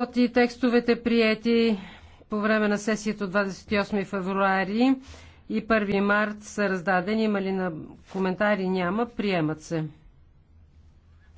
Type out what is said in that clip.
От и текстовете приети по време на сесията от 28 февруари и 1 март са раздадени. Има ли на коментари? Няма. Приемат се.